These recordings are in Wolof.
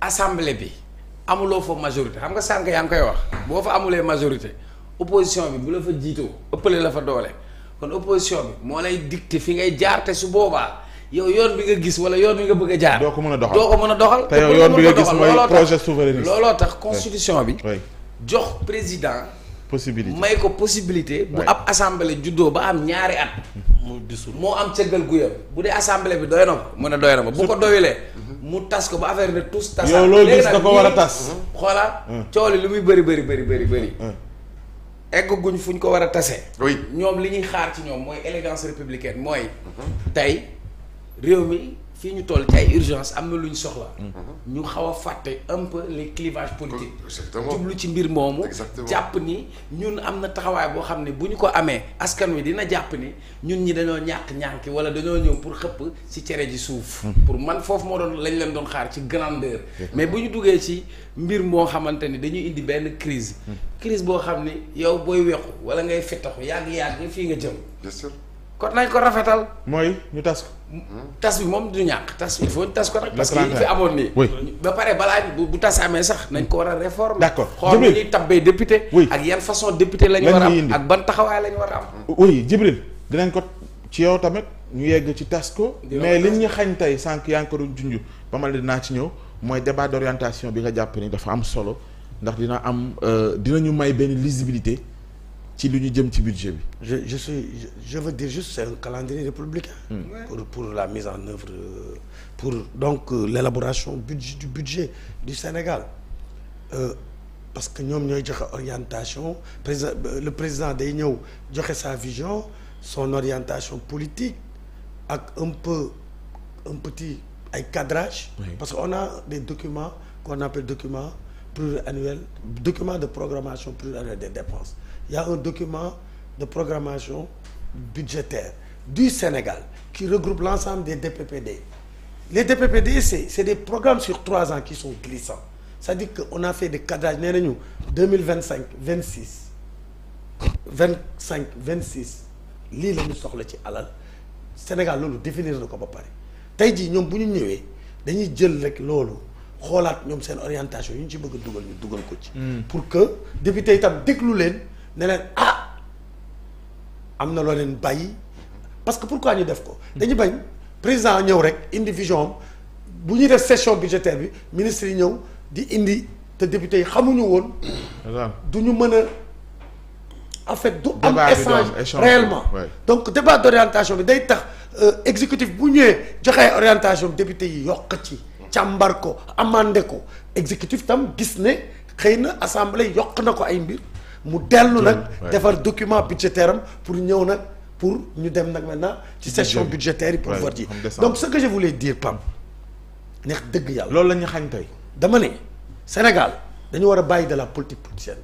assemblée bi amuloo fa majorité xam nga sànq yaa ngi koy wax boo fa amulee majorité opposition bi bu la fa jiitoo ëppale la fa doole kon opposition bi moo lay dicté fi ngay jaar te su boobaa yow yoon bi nga gis wala yoon bi nga bëgg a jaar. doo ko mën a doxal doo mën a doxal. te yow yoon bi nga gis mooy projet souverainiste looloo tax constitution bi. jox président. possibilité may ko possibilité. bu ab assemblée juddoo ba am ñaari at. mu disul moo am cëggal guyam bu dee assemblée bi doy na mën mu ne doy na ko bu ko doyulee. mu tas ko ba affaire ne tous tas. yow loolu gis da ko a tas xoola coow li muy bëri bëri bëri bëri bëri. egg guñ fu ñu ko war a tasee. ñoom li ñuy xaar ci ñoom mooy élégance républicain mooy. tey réew mi. fii ñu toll ci ay urgence am na lu ñu soxla. Mm-hmm. ñu xaw a fàtte un peu les clivages politiques. jublu ci mbir moomu. jàpp ni ñun am na taxawaay boo xam ne bu ñu ko amee askan wi dina jàpp ni ñun ñi dañoo ñàkk ñànki wala dañoo ñëw pour xëpp ci cere ji suuf. Mm-hmm. pour man foofu moo doon lañ leen doon xaar ci grandeur. mais bu ñu duggee ci mbir moo xamante ni dañuy indi benn crise mm-hmm. crise boo xam ni yow booy wequ wala ngay fettaxu yàgg-yàgg fii nga jëm. kon nañ ko rafetal. mooy ñu tas ko. tas bi moom du ñàkk tas il faut ñu tas ko nag. parce que yi fi amoon nii. ba pare balaa bu bu tas amee sax nañ ko war a réformer. d' accord xool nu ñuy tabbee député. ak yan façon député lañ war a am ak ban taxawaay lañ war a am. oui Jibril dinañ ko ci yow tamit ñu yegg ci tas ko. mais li ñu xañ tey sànq yaa ngi ko doon junj ba ma dinaa ci ñëw mooy débat d' orientation bi nga jàpp ni dafa am solo ndax dina am euh, dinañu may benn lisibilité. ci lu ñu jëm ci budget bi. je je suis je, je veux dire juste c'est un calendrier républicain. Hmm. pour pour la mise en œuvre euh, pour donc euh, l'élaboration budget du budget du Sénégal euh, parce que ñoom ñooy joxe orientation président euh, le président day ñëw joxe sa vision son orientation politique ak un peu un petit ay cadrage. Oui. parce que on a des documents qu'on appelle documents pluriannuels documents de programmation pluriannuelle des dépenses. y a un document de programmation budgétaire du Sénégal qui regroupe l'ensemble des DPPD. Les DPPD, c'est des programme sur trois ans qui sont glissants. C'est-à-dire qu'on a fait des cadrages, nee nañu vingt 26 25 26 lii la ñu soxla ci alal Sénégal loolu la na ko ba pare tey jii ñoom bu ñu ñëwee dañuy jël rek loolu xoolaat ñoom seen orientation yu ñu ci bëgg dugal ñu dugal ko ci. Hmm. pour que député itam déglu leen. ne leen ah am na loo leen bàyyi parce que pourquoi ñu def ko. dañu bañ président ñëw rek indivision am bu ñu def session budgétaire bi ministre yi ñëw di indi te député yi xamuñu woon. du ñu mën a en fait du am échange réellement donc débat d'orientation bi day tax euh, exécutif bu ñëwee joxe orientation député yi yokk ci càmbar ko amandé ko exécutif tam gis ne xëy na assemblée yokk na ko ay mbir mu dellu nag defar document budgétaire am pour ñëw nag pour ñu dem nag maintenant ci session budgétaire yi pour vote yi donc ce que je voulais dire Pape neex dëgg yàlla loolu la ñu xañ dama ne Sénégal dañu war a bàyyi de la politique politicienne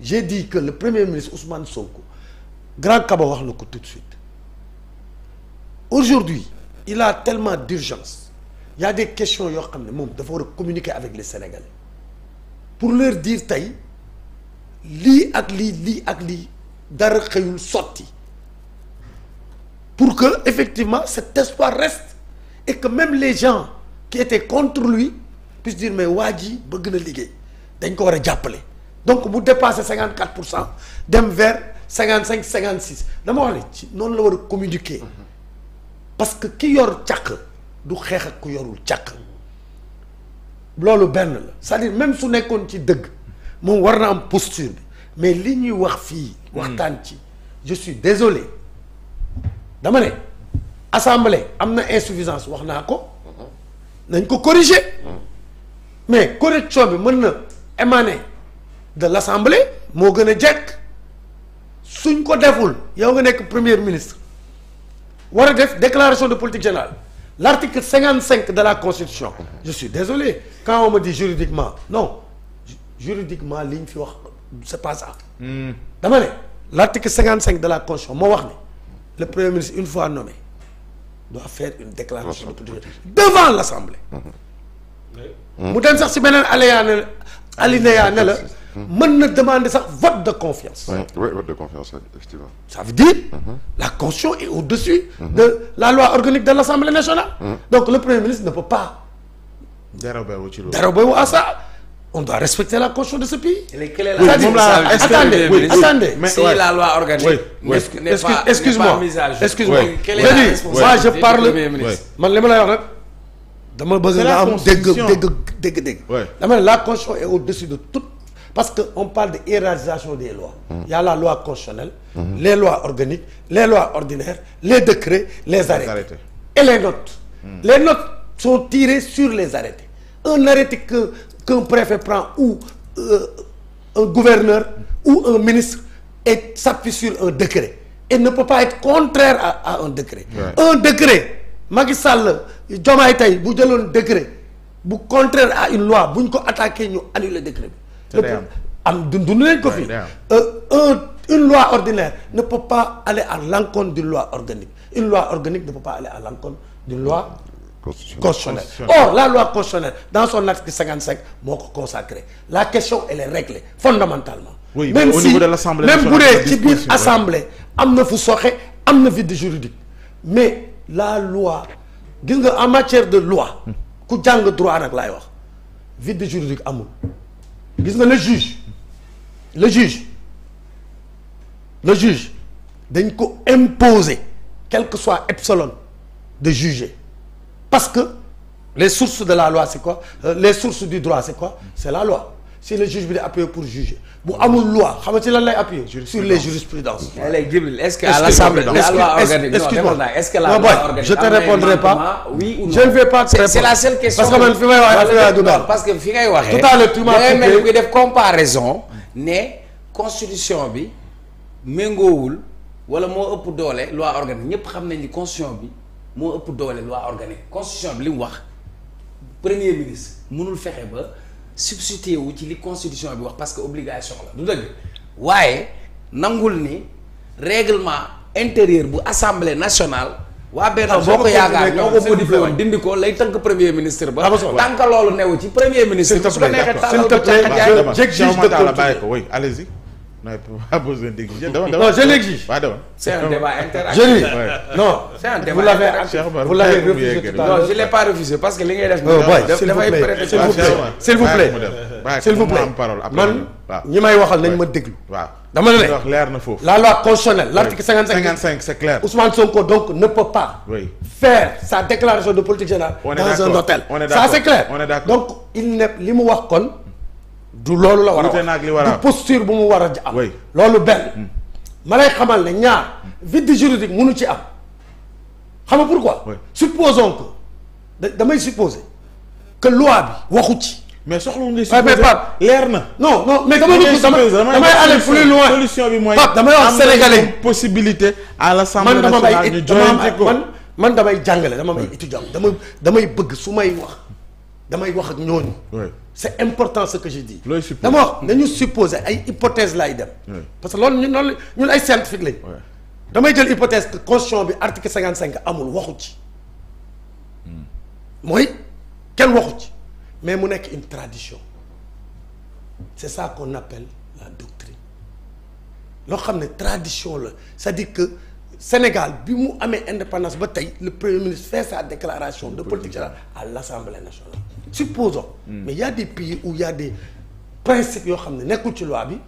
j'ai dit que le premier ministre Ousmane Sonko grand Kaba wax na ko tout de suite aujourd'hui il a tellement d'urgence il y question yoo xam ne moom dafa war a communiquer avec les Sénégalais pour leur dire tey lii ak lii lii ak lii dara xëyul sotti pour que effectivement cet espoir reste et que même les gens qui étaient contre lui puissent dire mais waa ji bëgg na liggéey dañ ko war a jàppale donc bu dépassé cinquante quatre pour cent dem vers cinquante cinq cinquante six dama wax ne ci noonu la war a communiqué parce que ki yor caq du xeex ak ku yorul caq loolu benn la cest dire même su nekkoon ci dëgg moom war na am posture bi mais li ñuy wax fii. waxtaan ci je suis désolé dama ne assemblée am na insuffisance wax naa ko nañ ko corriger mais correction bi mën na émaner de l' assemblée moo gën a jekk suñ ko deful yow nga nekk premier ministre war a def déclaration de politique générale l' article cinq de la constitution je suis désolé quand on me dit juridiquement non. juridiquement li ñu fi wax c'est pas a hmm. dama ne l'article cinquante de la constitution moo wax ne le premier ministre une fois nommé doit faire une déclaration de politique devant l'assemblée. mu dem sax ci beneen aléa ne alinéa ne la. Hmm. mën na demander sax vote de confiance. oui oui vote de confiance effectivement. ça veut dire. Hmm. la constitution est au-dessus. de la loi organique de l'assemblée nationale. donc le premier ministre ne peut pas. dérobé wu ci loolu on doit respecter la constitution de ce pays. léegi si la loi organique. Oui, oui. n'est la constitution est au-dessus de tout parce que parle de hiérarchisation des lois. il y a la loi constitutionnelle. les lois organiques les lois ordinaires les décrets les arrêtés. et les notes. les notes sont tirées sur les arrêtés un arrêté que qu'un préfet prend ou euh, un gouverneur ou un ministre et s'appuie sur un décret et ne peut pas être contraire à, à un décret un décret Macky Sall Diomaye tey bu jëloon décret bu contraire à une loi bu ñu ko attaqué ñu annuler décret bi am dund leen ko fi euh, un une loi ordinaire ne peut pas aller à l'encontre d'une loi organique une loi organique ne peut pas aller à l'encontre d'une loi constitutionnel or la loi constitutionnelle dans son article 55 moo ko consacré la question elle est réglée fondamentalement oui, même au si niveau de l'Assemblée même bu dee ci biir assemblée am na fu soxe am na vide juridique mais la loi gis nga en matière de loi ku jàng droit nag laay wax vide juridique amul gis nga le juge le juge dañ ko imposer quel que soit epsilon de juger parce que les sources de la loi c'est quoi euh, les sources du droit c'est quoi c'est la loi si le juge bi di pour juger bu amul loi xam nga ci lan lay sur les jurisprudences. est-ce que à l'Assemblée la loi organique est-ce que la loi organique je te répondrai pas oui ou non je ne vais pas te répondre c'est fi may waxee du daal parce que fi ngay waxee tout à l'heure tu m'as mel ngi def ne constitution bi méngoowul wala moo ëpp doole loi organique ñëpp xam nañ ni constitution bi moo ëpp doole loi organique constitution bi li mu wax premier ministre mënul fexe ba substituer wu ci li constitution bi wax parce que obligation la du dëgg waaye nangul ni règlement intérieur bu assemblée nationale waa benn ah, boo ko yaakaar ñoo ko modifié dindi ko lay tënk premier ministre ba ah, tànk loolu newu ci premier ministre su la neexee tàllal ba ca xajaay juge de la bàyyi ko oui allez-y non pas besoin d'exiger. non c'est un débat interactif. je non. c'est un débat interactif vous l'avez refusé tout à l'heure non je l'ai pas refusé parce que li ngay def. Oh, dafay prêter s'il vous plaît s'il vous plaît s'il vous plaît man ñi may waxal nañ ma déglu. waaw dama ne wax leer na foofu. la loi constitutionnelle l'article cinquante cinq. cinquante cinq c'est clair. Ousmane donc ne peut pas. faire sa déclaration de politique générale. dans un c'est du loolu la war a wax bu mu war a am loolu benn hmm. ma lay xamal ne ñaar vide juridique munu ci am xam nga pourquoi supposons que damay supposer que loi bi waxu ci mais soxla ngay supposer Pape leer na non non mais damay aller plus loin solution bi mooy Pape damay wax sénégalais possibilité à l'Assemblée nationale ñu joxe ko man man damay jàngale dama may étudiant damay damay bëgg su may wax damay wax ak ñooñu. c' important ce que je dis. dama wax nañu supposé ay hypothèse laay dem. parce que loolu ñun loolu ñun ay scientifique lañ. damay jël hypothèse que constitution bi article cinquante cinq amul waxu ci. Hmm. mooy kenn waxu ci mais mu nekk une tradition c' est ça qu'on appelle la doctrine loo xam ne tradition la cest dikk Sénégal bi mu amee indépendance ba tey le premier ministre fait sa déclaration de politique générale à l'Assemblée nationale supposons oo hmm. mais il a des pays ou il y yoo xam ne nekkul ci loi bi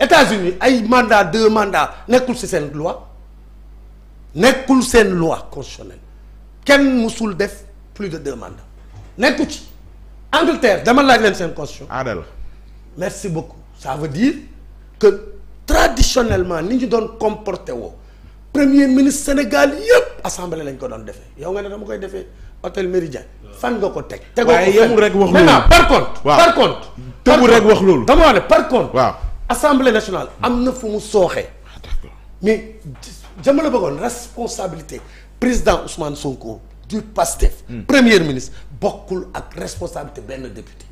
États-Unis ay mandat deux mandats nekkul ci seen loi nekkul seen loi constitutionnelle kenn mosul def plus de deux mandats nekkul ci Angleterre dama laaj leen seen constitution aada la merci beaucoup ça veut dire que traditionnellement ni ñu doon comporté woo premier ministre Sénégal yëpp assemblée lañ ko doon defee yow nga ne dama koy defee hôtel Méridien fan nga ko teg. tegoo ko waaye yemul rek wax loolu maintenant par contre. par contre. tëbul rek wax loolu. dama ne par contre. waaw assemblée nationale am na fu mu sooxee. Ah, mais jama la bëggoon responsabilité président Ousmane Sonko du PASTEF. Hmm. premier ministre bokkul ak responsabilité benn député.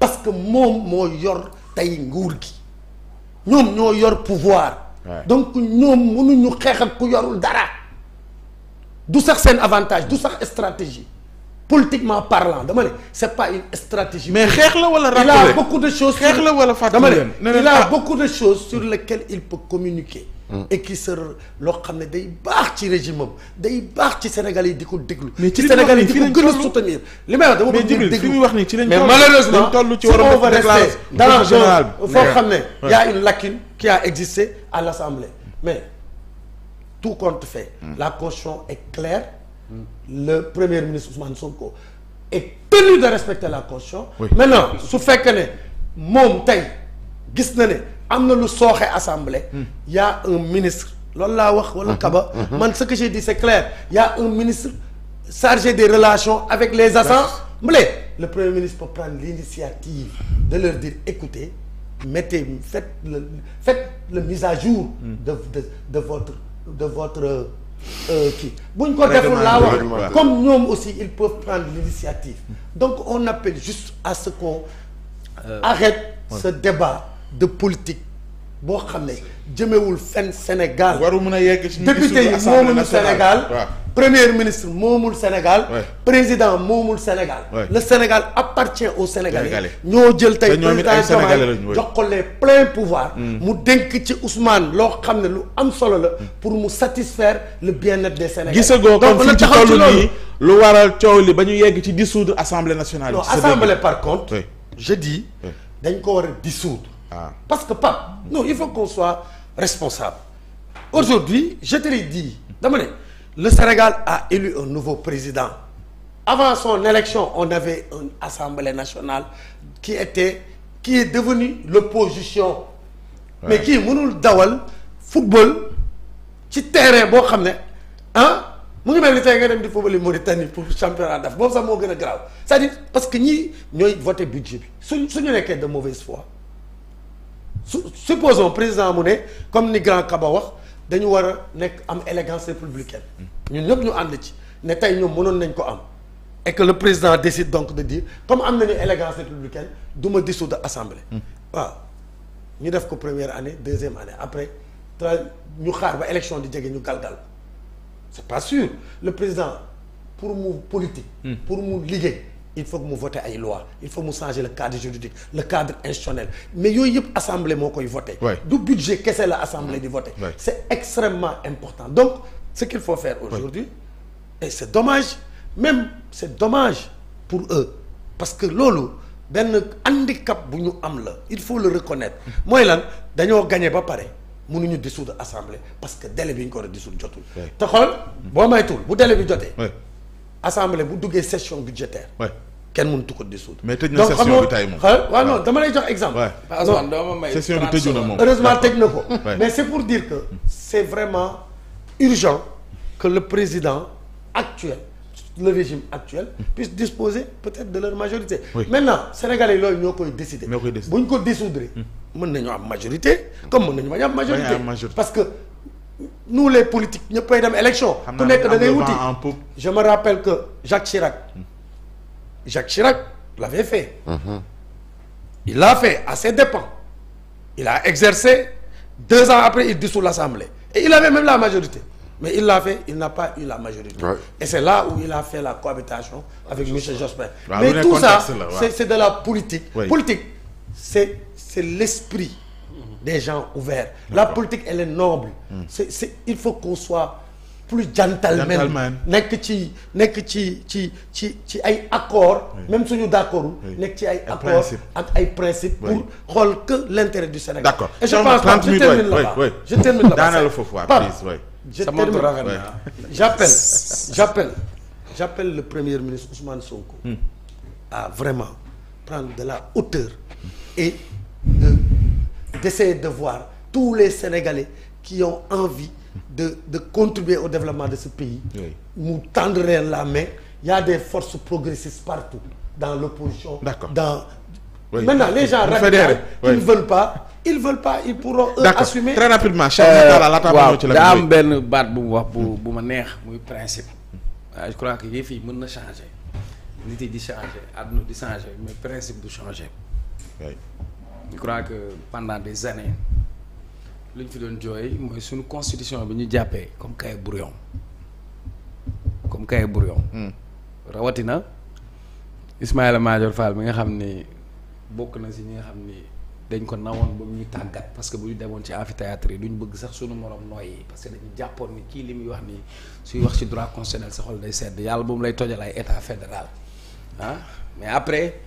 parce que moom moo yor tey nguur gi ñoom ñoo yor pouvoir. donc ñoom mënuñu xeex ak ku yorul dara du sax seen avantage du sax stratégie politiquement parlant dama ne c'est pas une stratégie. mais xeex la wala rappeler il a beaucoup de choses. xeex la wala fàttali leen il a ah. beaucoup de choses sur lesquelles il peut communiquer. Mm. et loo xam ne day baax ci régime am day baax ci Sénégal yi di ko déglu. mais ci Sénégal yi di ko gën a soutenir li may wax dama bëgg déglu mais muy wax ni ci lañ. mais malheureusement toll ci war a rester foo xam ne y a une lacune qui a existé mais tout compte fait. Mm. la caution est claire. Mm. le premier ministre Ousmane Sonko est tenu de respecter la caution. maintenant su fekkee ne moom tey gis na ne. am na lu sooxe assemblée. Hmm. y a un ministre loolu laa wax wala hmm. Kaba. Hmm. man ce que j'ai dit c'est clair y un ministre chargé des relations avec les assemblées. le premier ministre peut prendre l'initiative de leur dire écoutez mettez faites le faites le mise à jour. de de votre de votre. Euh, euh, kii bu ñu ko deful laa wax comme ñoom aussi ils peuvent prendre l'initiative donc on appelle juste à ce qu'on euh, arrête ouais. ce débat de politique boo xam ne jëmewul fenn Sénégal. waru mun a yegg ci député yi moomul Sénégal. premier ministre moomul Sénégal. président moomul Sénégal. le Sénégal appartient au Sénégalais. ñoo jël tey président Diomaye jox ko les pleins mm. mu dénk ci Ousmane loo xam ne lu am solo la. pour mu satisfaire le bien-être des Sénégalais. gisagoo kon fi ci toll lu waral coow li ba ñu yegg ci dissoudre assemblée nationale. non assemblée par contre. je dañ ko war a dissoudre. Ah. Parce que pas non il faut qu'on soit responsable. Aujourd'hui, je te l'ai dit, dama ne le Sénégal a élu un nouveau président. Avant son élection, on avait une assemblée nationale qui était qui est devenue l'opposition. Ouais. Mais kii mënul dawal football ci terrain boo xam ne ah mu ngi mel ni tey nga dem di football yi Mauritanie pour championnat d'Afrique boobu sax moo gën a grave sa dire parce que ñii ñooy voté budget bi suñ suñu nekkee de mauvaise foi su supposons président mu ne comme ni grand Kaba wax dañu war nekk am élégance républicaine ñun ñëpp ñu ànd ci ne tey ñoom mënoon nañ ko am et que le président décide donc de dire comme am nañu élégance républicaine du ma dissoudre assemblée. Hmm. waaw ñu def ko première année deuxième année après tra ñu xaar ba élection di jege ñu galgal c'est pas sûr le président pour mu politique. Hmm. pour mu liggéey. il faut que mu voter ay loi il faut mu changer le cadre juridique le cadre institutionnel mais yooyu yëpp assemblée moo koy voter du budget kese la assemblée di voter ouais. c'est extrêmement important donc ce qu'il faut faire aujourd'hui ouais. et c'est dommage même c'est dommage pour eux parce que loolu benn handicap bu ñu am la il faut le reconnaître mooy lan dañoo gañee ba pare mu mënuñu dissoudre assemblée parce que délai bi ñu ko war a jotul te xool boo maytul bu délai bi jotee assemblée bu duggee session budgétaire. kenn mënut ko dissoudre. mais tëj na session bi tey moom waaw non dama lay jox exemple. heureusement tëj na ko. mais c' pour dire que c' vraiment urgent que le président actuel le régime actuel. puisse disposer peut-être de leur majorité. Oui. maintenant sénégalais yi loolu ñoo koy décider. ñoo koy décider bu ñu ko dissoudre. mën nañu am majorité. comme mën nañu bañ am majorité parce que. nous les politiques ñëppay dem élection ku nekk da ngay wuti je me rappelle que Jacques Chirac Jacques Chirac l'avait fait mhm. il l'a fait à ses dépens il a exercé deux ans après il dissout l'Assemblée et il avait même la majorité mais il l'a fait il n'a pas eu la majorité ouais. et c'est là où il a fait la cohabitation avec monsieur Jospin mais tout ça c'est de la politique ouais. c'est l'esprit des gens ouverts. La politique elle est noble. Hmm. C'est c'est il faut qu'on soit plus gentleman nekk ci nekk ci ci ci ci ay accord même suñu d'accord nekk ci ay accord ak ay principe pour xool que l'intérêt du Sénégal d'accord et je pense que je termine là je termine là-bas daanaka j'appelle j'appelle le premier ministre Ousmane Sonko hmm. à vraiment prendre de la hauteur hmm. et d'essayer de voir tous les Sénégalais qui ont envie de de contribuer au développement de ce pays. Oui. nous tendre la main il des forces progressistes partout dans l'opposition. D'accord. dans oui. maintenant les gens radicaux ils ne veulent pas. ils veulent pas ils pourront eux assumer. très rapidement waaw daa am benn baat bu mu wax bu bu ma neex muy principe. waaw je crois que yëf yi mën na changer nit yi di changer àdduna di changer mais principe du changer. je crois que pendant des années lu ñu fi doon jooy mooy suñu constitution bi ñu jàppee comme cahier brouillon comme cahier brouillon. Hmm. rawatina Ismaïla Madior Fall bi nga xam ni bokk na si ñi nga xam ni dañ ko nawoon ba ñu tàggat parce que bu ñu demoon ci amphithéâtre yi duñ bëgg sax suñu morom nooy parce que dañu jàppoon ni kii li muy wax ni suy wax ci droit constitutionnel sa xol day sedd yàlla bu mu lay tojal ay état fédéral ah mais après.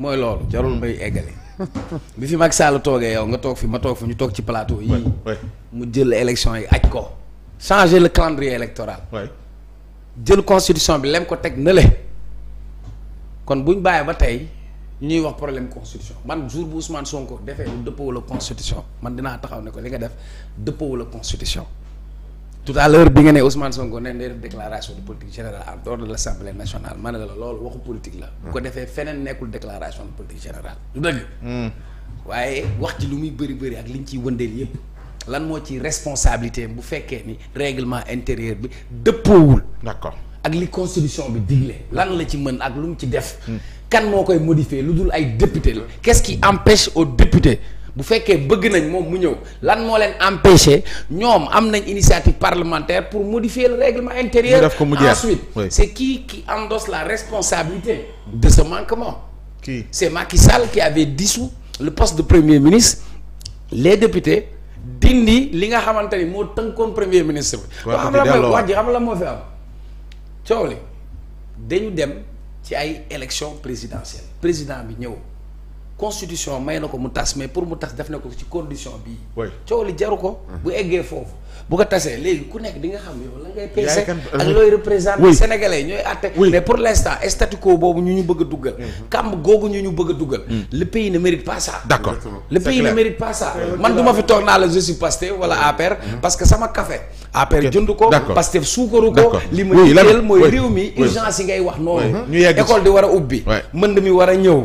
mooy loolu jarul mbay eggale bi fi Macky Sall toogee yow nga toog fi ma toog fi ñu toog ci plateau yi mu jël élection yi aj ko changer le calendrier électoral jël constitution bi lem ko teg na kon buñ bàyyi ba tey ñuy wax problème constitution man jour bu Ousmane Sonko defee lu dëppoo la constitution man dinaa taxaw ne ko li nga def dëppoo la constitution tout à l'heure bi nga ne Ousmane Sonko ne day def déclaration de politique générale en dehors de l' nationale ma ne la loolu waxu politique la. bu ko defee feneen nekkul déclaration de politique générale. du dëgg. Hmm. waaye wax ci lu muy bëri bëri ak liñ ciy wëndeel yëpp lan moo ci responsabilité bu fekkee ni réglement intérieur bi dëppoowul. d' ak li constitution bi digle. lan la ci mën ak lu mu ci def. Hmm. kan moo koy modifier lu dul ay député la. qu' est ce qui empêche aux bu fekkee bëgg nañ moom mu ñëw lan moo leen empêché ñoom am nañ initiative parlementaire pour modifier le règlement intérieur ensuite oui. c'est qui qui endosse la responsabilité de ce manquement qui c'est Macky Sall qui avait dissous le poste de premier ministre les députés dindi li nga xamante ni moo tënkoon premier ministre bi xam la mooy wax ji moo fi am coow li dañu dem ci ay élection présidentielle président bi ñëw constitution may na ko mu tas mais pour mu tas def na ko ci condition bii. coow li jaru ko. bu eggee foofu. bu ko tasee léegi ku nekk di xam yow la ngay peese ak euh, looy représenté sénégalais ñooy àtte mais pour l'instant statu quo boobu ñu ñu bëgg a duggal mm-hmm. kàmb googu ñu ñu bëgg a duggal mm. le pays ne mérite pas d'accord le pays ne mérite pas man du fi toog naa la je suis Pastef wala mm-hmm. Mm-hmm. parce que sama café APR jënd ko Pastef suukaru ko li mooy réew mi urgence yi ngay wax noonu école di war a ubbi mënd mi war a ñëw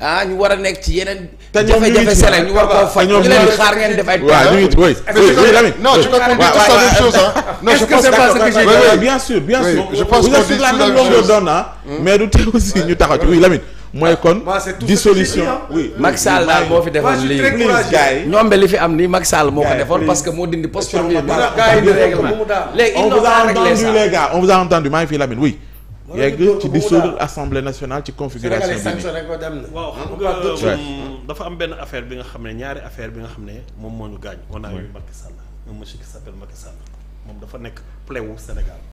ah ñu war a nekk ci yeneen jafe arrêtez ouais, toutes sortes de choses je pense que bien sûr bien sûr. mais du tee aussi ñu taxaw ci oui Lamine. mooy kon dissolution oui Macky Sall daal moo fi defoon lii ñoom ñoombe li fi am nii mag Sall moo ko defoon parce que moo dindi poste premier bi indi règlement léegi on vous a entendu les gars on vous a entendu maa ngi fii Lamine oui yegg ci dissoudre assemblée nationale ci configuration bi waaw dafa am benn affaire bi nga xam ne ñaari affaire bi nga xam ne moom moo ñu gaañ un monsieur qui s'appelle Macky Sall moom dafa nekk pléwu Sénégal